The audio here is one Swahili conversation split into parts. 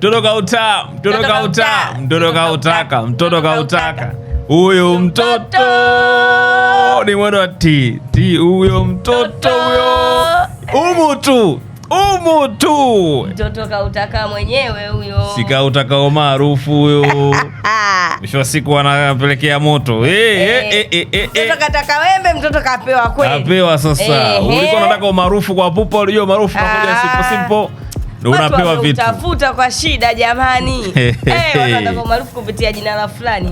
Mtoto kauta, mtoto kauta, mtoto kautaka, mtoto kautaka. Huyo mtoto ni mwendo wa ti ti. Huyo mtoto huyo, umu tu umu tu. Mtoto kautaka mwenyewe huyo, si sikautakao maarufu huyo. Mwisho wa siku wanapelekea moto. Eh, eh, eh, mtoto kataka wembe, mtoto kapewa kweli, kapewa. Sasa ulikuwa unataka umaarufu kwa pupa, ulijua maarufu nakuja ah. simple simple unapewa vitu utafuta kwa shida jamani. Hey, eh, maarufu kupitia jina la fulani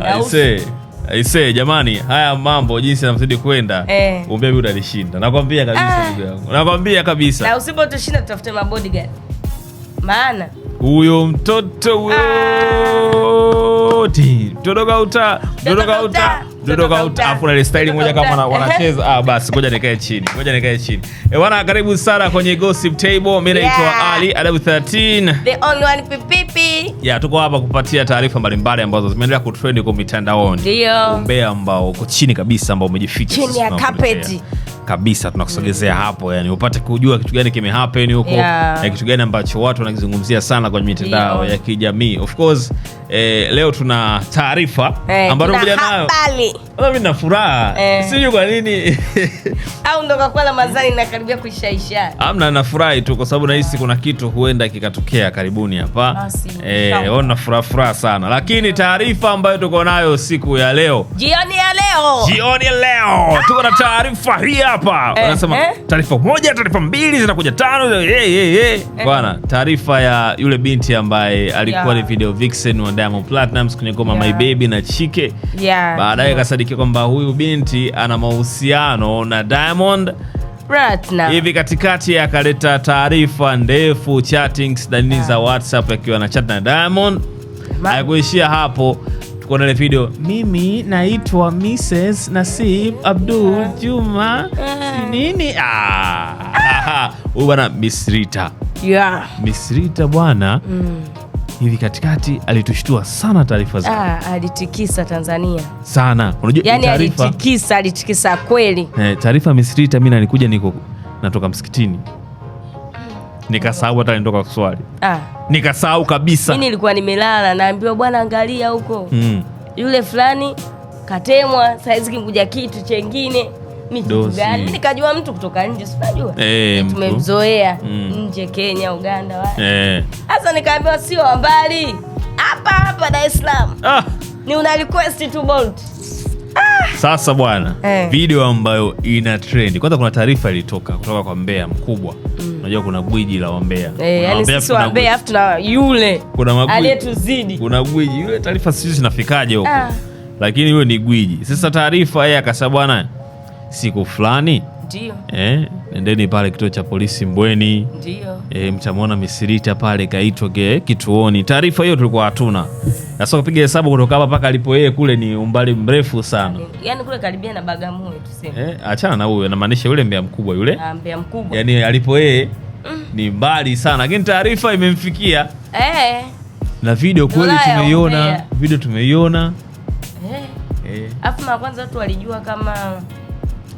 Aise, jamani, haya mambo jinsi yanavyozidi kwenda eh, umbea bibi utanishinda, nakwambia kabisa ah. ndugu yangu, nakwambia kabisa. Na usipotushinda tutafute mabodyguard, maana huyo mtoto ah. wote todoka uta todoka uta style moja kama wanacheza. Ah, basi ngoja nikae chini, ngoja nikae chini. Eh, bwana, karibu sana kwenye Gossip Table. Mimi naitwa Ali Adabu 13. The only one pipipi. Yeah, tuko hapa kupatia taarifa mbalimbali ambazo zimeendelea kutrend kwa mitandaoni. Ndio. Umbea ambao uko chini kabisa ambao umejificha chini ya carpet kabisa tunakusogezea mm. hapo yani, upate kujua kitu gani kimehappen huko yeah. na kitu gani ambacho watu wanakizungumzia sana kwenye mitandao yeah. ya kijamii of course. Eh, leo tuna taarifa hey, eh, ambayo kuja nayo Wala mimi na furaha. Eh. Sijui kwa nini. Au ndo kwa kwala mazani nakaribia kuishaisha. Hamna, nafurahi tu kwa sababu nahisi kuna kitu huenda kikatokea karibuni hapa. Ah, eh, ona furaha furaha sana. Lakini taarifa ambayo tuko nayo siku ya leo. Jioni ya leo. Jioni ya leo. Tuko na taarifa hii hapa. Eh, Wanasema eh, eh, taarifa moja, taarifa mbili zinakuja tano. Eh, eh, eh, eh. Bwana, taarifa ya yule binti ambaye alikuwa ni yeah, video vixen wa Diamond Platnumz kwenye ngoma yeah, My Baby na Chike. Yeah. Baadaye yeah, kasadi yake kwamba huyu binti ana mahusiano na Diamond Ratna. Hivi katikati akaleta taarifa ndefu chatings na nini za ah. WhatsApp akiwa na chat na Diamond. Haikuishia hapo, tuko ile video. Mimi naitwa Mrs. Nasib Abdul ah. Juma ah. nini? Ah. Huyu bwana Rita. Yeah. Rita bwana. Mm hivi katikati alitushtua sana taarifa zake. Ah, alitikisa Tanzania sana. Unajua yani taarifa alitikisa, alitikisa kweli. Eh, taarifa misiri mimi nalikuja niko natoka msikitini nikasahau hata nitoka kuswali. Ah, nikasahau kabisa. Mimi nilikuwa nimelala, naambiwa bwana, angalia huko mm. yule fulani katemwa, saizi kimkuja kitu chengine michezo gani? nikajua mtu kutoka nje, sinajua unajua eh, tumemzoea mm. nje Kenya, Uganda hasa eh. sasa Nikaambiwa sio wambali hapa hapa Dar es Salaam ah. ni una request tu Bolt ah. Sasa bwana hey. Eh. video ambayo ina trend kwanza, kuna taarifa ilitoka kutoka kwa mbea mkubwa mm. Unajua kuna gwiji la Wambea kuna gwiji yule, taarifa sisi zinafikaje huko ah. Lakini huyo ni gwiji. Sasa taarifa yeye akasema bwana siku fulani ndio. Eh, nendeni pale kituo cha polisi Mbweni ndio. Eh, mtamwona Misirita pale kaitwa eh, kituoni. Taarifa hiyo tulikuwa hatuna. Sasa kupiga hesabu kutoka hapa mpaka alipo yeye kule ni umbali mrefu sana. yani kule karibia na Bagamoyo tuseme. Eh, achana na huyo, namaanisha yule Mbeya mkubwa yule. Ah, Mbeya mkubwa. yani alipo yeye mm. ni mbali sana. Lakini taarifa imemfikia. Eh. Na video kweli tumeiona, video tumeiona. Eh. Eh. Afu mara kwanza watu walijua kama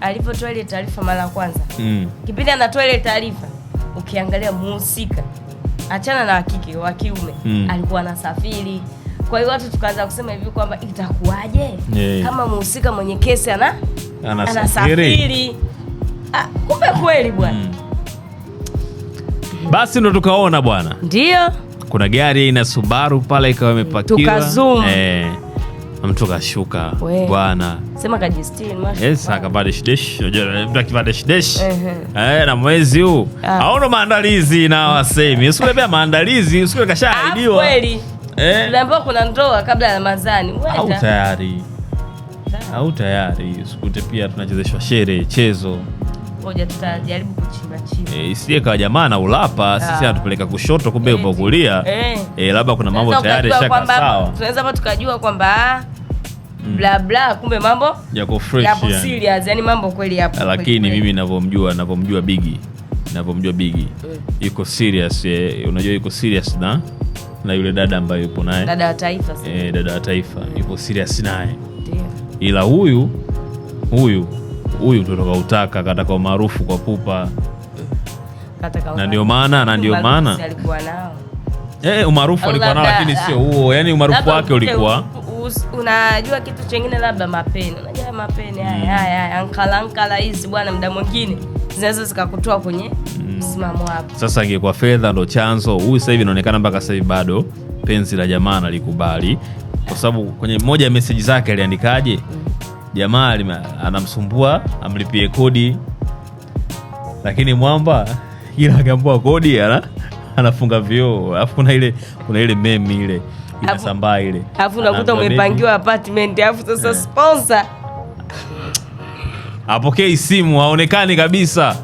alivyotoa ile taarifa mara ya kwanza mm. Kipindi anatoa ile taarifa, ukiangalia muhusika, achana na wakike, wa kiume mm. alikuwa anasafiri. Kwa hiyo watu tukaanza kusema hivi kwamba itakuwaje, yeah. kama muhusika mwenye kesi ana anasafiri. Ah, kumbe kweli bwana mm. Basi ndo tukaona bwana, ndio kuna gari aina Subaru pale ikawa imepakiwa, tukazuma eh mtu kashuka bwana, sema kajistiri mashallah. Yes, akabadishidesh, unajua kibadishidesh eh, na mwezi huu ah. haona maandalizi na wasemi, usikubebea maandalizi, usikule kashaahidiwa ah, kweli. Eh, tunaambiwa kuna ndoa kabla ya Ramadhani, au tayari ah. au tayari, usikute pia tunachezeshwa shere chezo eh, isiye kwa jamaa na ulapa sisi anatupeleka kushoto, kumbe upo kulia. Eh. Eh, labda kuna mambo tayari shaka sawa, tunaweza tukajua kwamba blabla mm. bla, kumbe mambo yako fresh, yapo serious, yani mambo kweli yapo. Eh, lakini mimi ninavyomjua ninavyomjua Biggie ninavyomjua Biggie eh. yuko serious, eh, unajua yuko serious na na yule dada ambaye yupo naye, dada wa taifa eh, dada wa taifa yuko serious naye, ila huyu huyu huyu ndo utaka kataka umaarufu kwa pupa na ndio maana na ndio maana alikuwa nao eh, umaarufu alikuwa nao, lakini sio huo, yani umaarufu wake ulikuwa unajua kitu chengine labda mapeni, unajua mapeni mm. haya haya ankala ankala hizi bwana, muda mwingine zinaweza zikakutoa kwenye mm. msimamo mm. wako. Sasa kwa fedha ndo chanzo, huyu sasa hivi inaonekana mpaka sasa hivi bado penzi la jamaa nalikubali, kwa sababu kwenye moja ya meseji zake aliandikaje? mm. Jamaa anamsumbua amlipie kodi, lakini mwamba ila akiambua kodi ana anafunga vyoo Alafu kuna ile kuna ile meme ile inasambaa ile, alafu unakuta umepangiwa apartment, alafu sasa sponsor apokei simu, haonekani kabisa.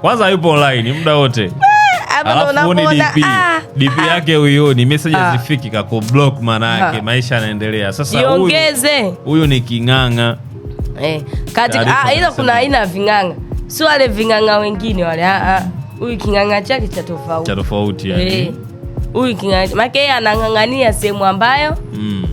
Kwanza yupo online muda wote ah, DP ah, DP ah. yake uyoni message hazifiki, kako block, maana yake maisha yanaendelea. Sasa jiongeze, huyu ni king'ang'a eh, kati ila kuna aina ving'ang'a, sio wale ving'ang'a wengine wale. Huyu king'ang'a chake cha tofauti cha tofauti yani. Eh huyu make anang'ang'ania sehemu ambayo mm.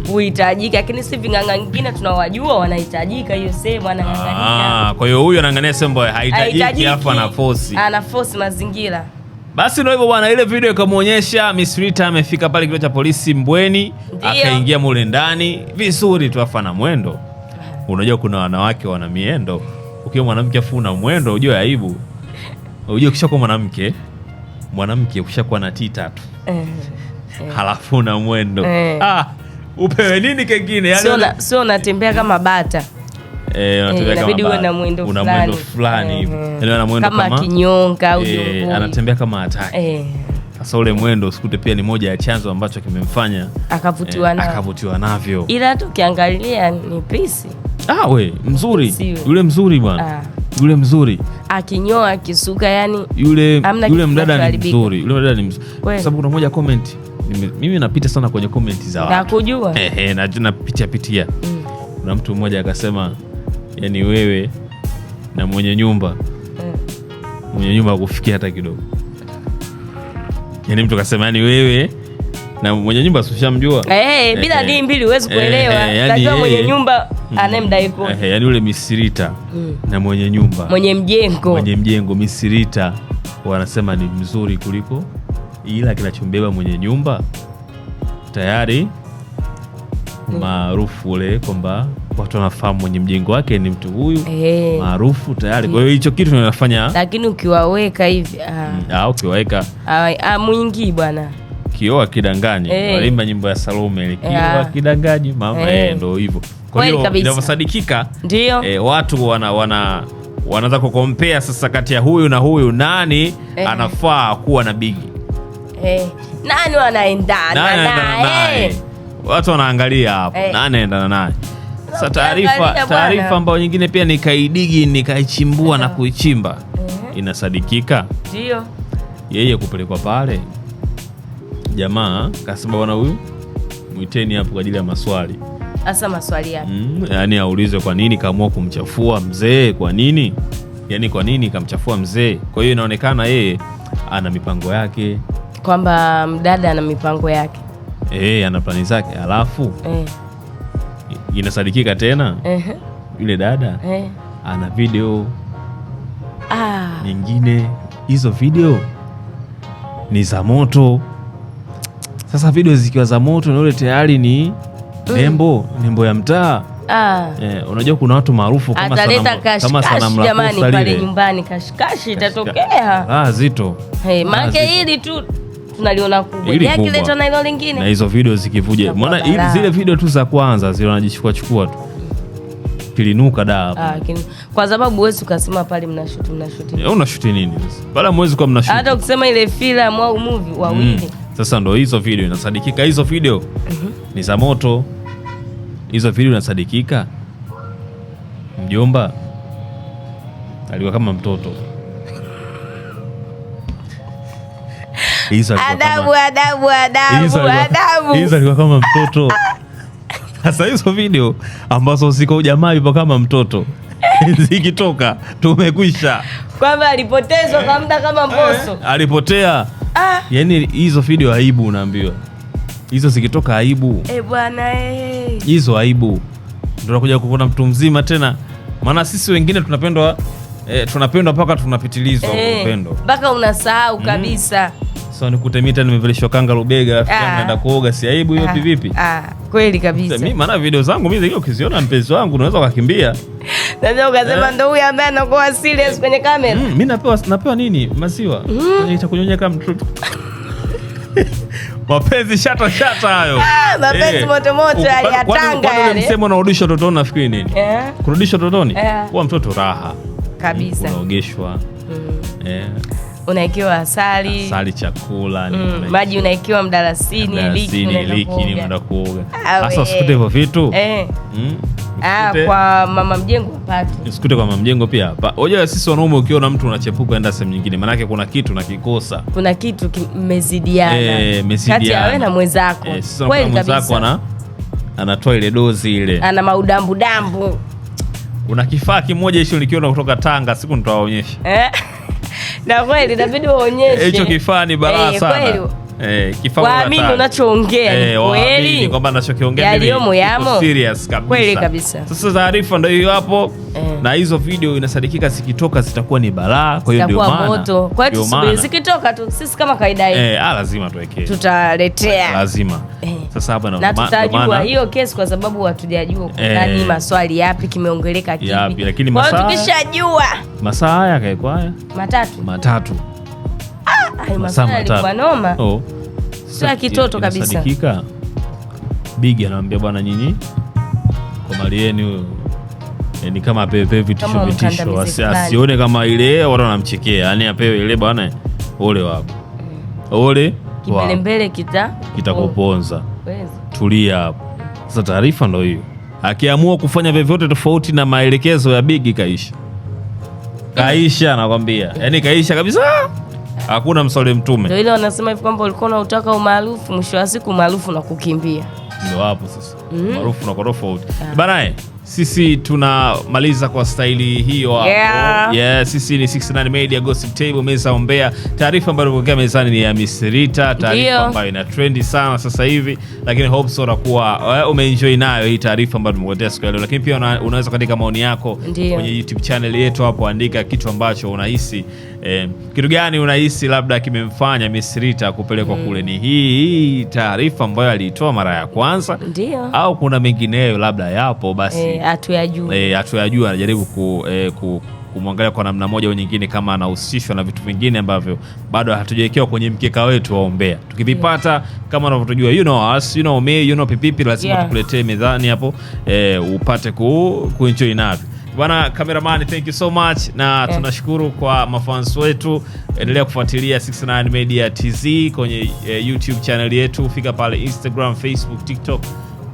lakini si ving'ang'a wengine tunawajua wanahitajika hiyo sehemu ah, Kwa hiyo huyu anang'ang'ania sehemu ambayo haitajiki, afu anafosi anafosi mazingira. Basi ndio hivyo bwana, ile video ikamwonyesha Miss Rita amefika pale kituo cha polisi Mbweni, akaingia mule ndani vizuri tu, afu ana mwendo. Unajua kuna wanawake wana miendo, ukiwa mwanamke afu una mwendo, ujue aibu, ujue kisha kwa mwanamke mwanamke ukishakuwa na tii tatu eh, eh, halafu na mwendo eh. Ah, upewe nini kengine yani, sio unatembea kama bata eh, eh, inabidi uwe na mwendo fulani eh, yaani kama kinyonga au anatembea kama hataki. Sasa ule mwendo usikute pia ni moja ya chanzo ambacho kimemfanya akavutiwa eh, akavutiwa navyo, ila hata ukiangalia ni pisi ah, we mzuri yule, mzuri bwana ah. yule mzuri akinyoa akisuka, yani yule yule mdada ni mzuri, yule mdada ni mzuri, sababu kuna moja comment mimi napita sana kwenye comment za watu nakujua, ehe, napitia pitia. Mm. Kuna mtu mmoja akasema, yani wewe na mwenye nyumba mm. mwenye nyumba akufikia hata kidogo. Yani mtu akasema, yani wewe na mwenye nyumba sushamjua, eh, bila dii mbili huwezi kuelewa, yani, mwenye nyumba Mm. anayemdai kodi. eh, yani yule misirita mm. na mwenye nyumba mwenye mjengo mwenye mjengo misirita wanasema ni mzuri kuliko, ila kinachombeba mwenye nyumba tayari mm. maarufu ule kwamba watu wanafahamu mwenye mjengo wake ni mtu huyu hey, maarufu tayari. Kwa hiyo mm. hicho kitu ninafanya, lakini ukiwaweka hivi ah, ukiwaweka ah, mwingi bwana kioa kidanganyi, walimba nyimbo ya Salome, kioa kidanganyi mama hey, hey, eh, ndo hivyo inavyosadikika ndio e, watu wana wana kukompea sasa kati ya huyu na huyu nani eh, anafaa kuwa na bigi eh, nani wanaendana naye, watu wanaangalia hapo eh, nani anaendana naye sasa. Taarifa taarifa ambayo nyingine pia nikaidigi nikaichimbua na eh. kuichimba eh, inasadikika ndio yeye kupelekwa pale. Jamaa kasema bwana, huyu mwiteni hapo kwa ajili ya maswali hasa maswali yake mm, yani aulize kwa nini kaamua kumchafua mzee, kwa nini yani, kwa nini kamchafua mzee. Kwa hiyo inaonekana yeye ana mipango yake, kwamba mdada um, ana mipango yake e, ana plani zake, alafu e, inasadikika tena e, yule dada e, ana video ah, nyingine. Hizo video ni za moto. Sasa video zikiwa za moto na yule tayari ni Mm. nembo nembo ya mtaa Ah. Eh, unajua kuna watu maarufu kama ataleta kashikashi jamani pale nyumbani, kashikashi itatokea ah, ah, zito hey, maanake ah, hili tu tunaliona kubwa yaani kile cha nalo lingine, na hizo video zikivuja, maana zile video tu za kwanza zile wanajichukua chukua tu kilinuka da hapo. ah, kinu. Kwa sababu wewe ukasema pale mnashuti mnashuti nini, eh, unashuti nini sasa pala mwezi kwa mnashuti hata ukisema ile filamu au movie wawili mm. Sasa ndo hizo video inasadikika, hizo video mm -hmm. ni za moto hizo video inasadikika? Mjomba alikuwa kama mtoto adabu, adabu, adabu, adabu. Alikuwa kama mtoto sasa. Hizo video ambazo siko jamaa yupo kama mtoto zikitoka tumekwisha, kwamba alipotezwa kwa muda kama mboso eh, alipotea. Ah, yaani hizo video aibu, unaambiwa hizo zikitoka aibu, eh bwana eh, eh hizo aibu ndo nakuja kuona mtu mzima tena, maana sisi wengine tunapendwa eh, tunapendwa mpaka tunapitilizwa eh, mpaka unasahau mm. kabisa mm. So, nikute tena kanga rubega ah. naenda kuoga, si aibu hiyo vipi? Ah, ah kweli kabisa. Mimi maana video zangu mimi ukiziona mpenzi wangu unaweza ukakimbia. Sasa ukasema eh. ndo huyu ambaye anakuwa serious kwenye kamera. Mm, mimi napewa napewa nini? Maziwa. Mm. Itakunyonya kama mtoto mapenzi shata shata hayo ah, mapenzi eh. moto moto ya yale. Msemo unarudisha utotoni, nafikiri nini? Eh. Kurudisha utotoni, eh. kuwa mtoto raha kabisa, unaogeshwa mm unaekewa asali, asali chakula mm, maji unaekewa mdalasini, liki unaenda kuoga. Sasa usikute hivyo vitu eh. mm. Ah, kwa mama mjengo pato. Sikute kwa mama mjengo pia hapa. Unajua sisi wanaume ukiona mtu unachepuka enda sehemu nyingine, maanake kuna kitu nakikosa, kuna kitu mmezidiana e, eh, kati ya wewe na mwenzako e, kweli kabisa ana anatoa ile dozi ile, ana maudambudambu. Kuna kifaa kimoja hicho nikiona kutoka Tanga siku nitawaonyesha eh? na kweli inabidi waonyeshe eh, hicho kifaa ni balaa hey, eh, sana kweli. Eh, waamini unachoongea eh, kweli kwamba nachokiongea yaliyomo yamo serious kabisa. Kweli kabisa. Sasa taarifa ndio hiyo hapo eh. Na hizo video inasadikika zikitoka zitakuwa ni balaa, kwa hiyo ndio maana moto. Kwa hiyo zikitoka tu sisi kama kaida hii eh, ah, lazima tuweke tutaletea lazima eh. Sasa hapa na na tutajua hiyo kesi kwa sababu hatujajua kwa eh. Kuna nini maswali yapi kimeongeleka kipi, lakini tukishajua masaa haya yakaekwa haya matatu matatu ah, noma oh. kitoto kabisa Bigi anamwambia bwana, nyinyi kwa mali yenu huyo eh, ni kama apewe vitisho vitisho, asione kama ile watu wanamchekea, yani apewe ile bwana, ole wako eh. ole mbele mbele kita kitakuponza oh, tulia hapo. Sasa taarifa ndo hiyo, akiamua kufanya vyovyote tofauti na maelekezo ya Bigi kaisha kaisha, nakwambia, yaani kaisha kabisa, hakuna msole mtume. Ndio ile wanasema hivi kwamba ulikuwa unataka umaarufu, mwisho wa siku umaarufu na kukimbia, ndio hapo sasa, umaarufu mm. na tofauti ah. banae eh sisi tunamaliza kwa staili hiyo yeah. Yeah, sisi ni 69 Media Gossip Table, meza ombea taarifa ambayo tunapokea mezani ni ya Misrita, taarifa ambayo ina trendi sana sasa hivi, lakini hope so unakuwa eh, umeenjoy nayo hii taarifa ambayo tumekuletea siku ya leo. Lakini pia una, unaweza kuandika maoni yako kwenye YouTube channel yetu hapo, andika kitu ambacho unahisi eh, kitu gani unahisi labda kimemfanya Misrita kupelekwa mm. kule? Ni hii taarifa ambayo aliitoa mara ya kwanza Ndiyo. au kuna mengineyo labda yapo basi hatuyajua, eh, eh, anajaribu ku, eh, ku kumwangalia kwa namna moja au nyingine, kama anahusishwa na vitu vingine ambavyo bado hatujawekewa kwenye mkeka wetu waombea. Tukivipata yeah. kama unavyotujua, you know us, you know me, you know pipipi, lazima yeah. tukuletee mezani hapo eh, upate kuenjoy navyo. Bwana kameramani, thank you so much na yes. Tunashukuru kwa mafans wetu, endelea kufuatilia 69 Media TZ kwenye eh, YouTube channel yetu, fika pale Instagram, Facebook, TikTok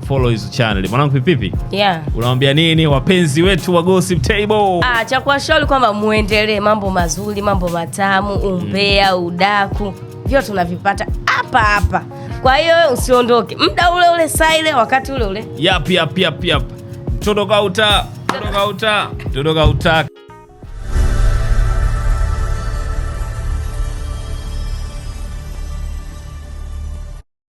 follow hizo channel. Mwanangu Pipipi, yeah. Unawaambia nini wapenzi wetu wa Gossip Table? Ah, cha kuwashauri kwamba muendelee, mambo mazuri, mambo matamu, umbea, mm. udaku vyote tunavipata hapa hapa, kwa hiyo usiondoke, muda ule ule, saa ile, wakati ule ule. Yap, yap, yap, yap. Mtoto kauta Tutoka uta. Tutoka uta.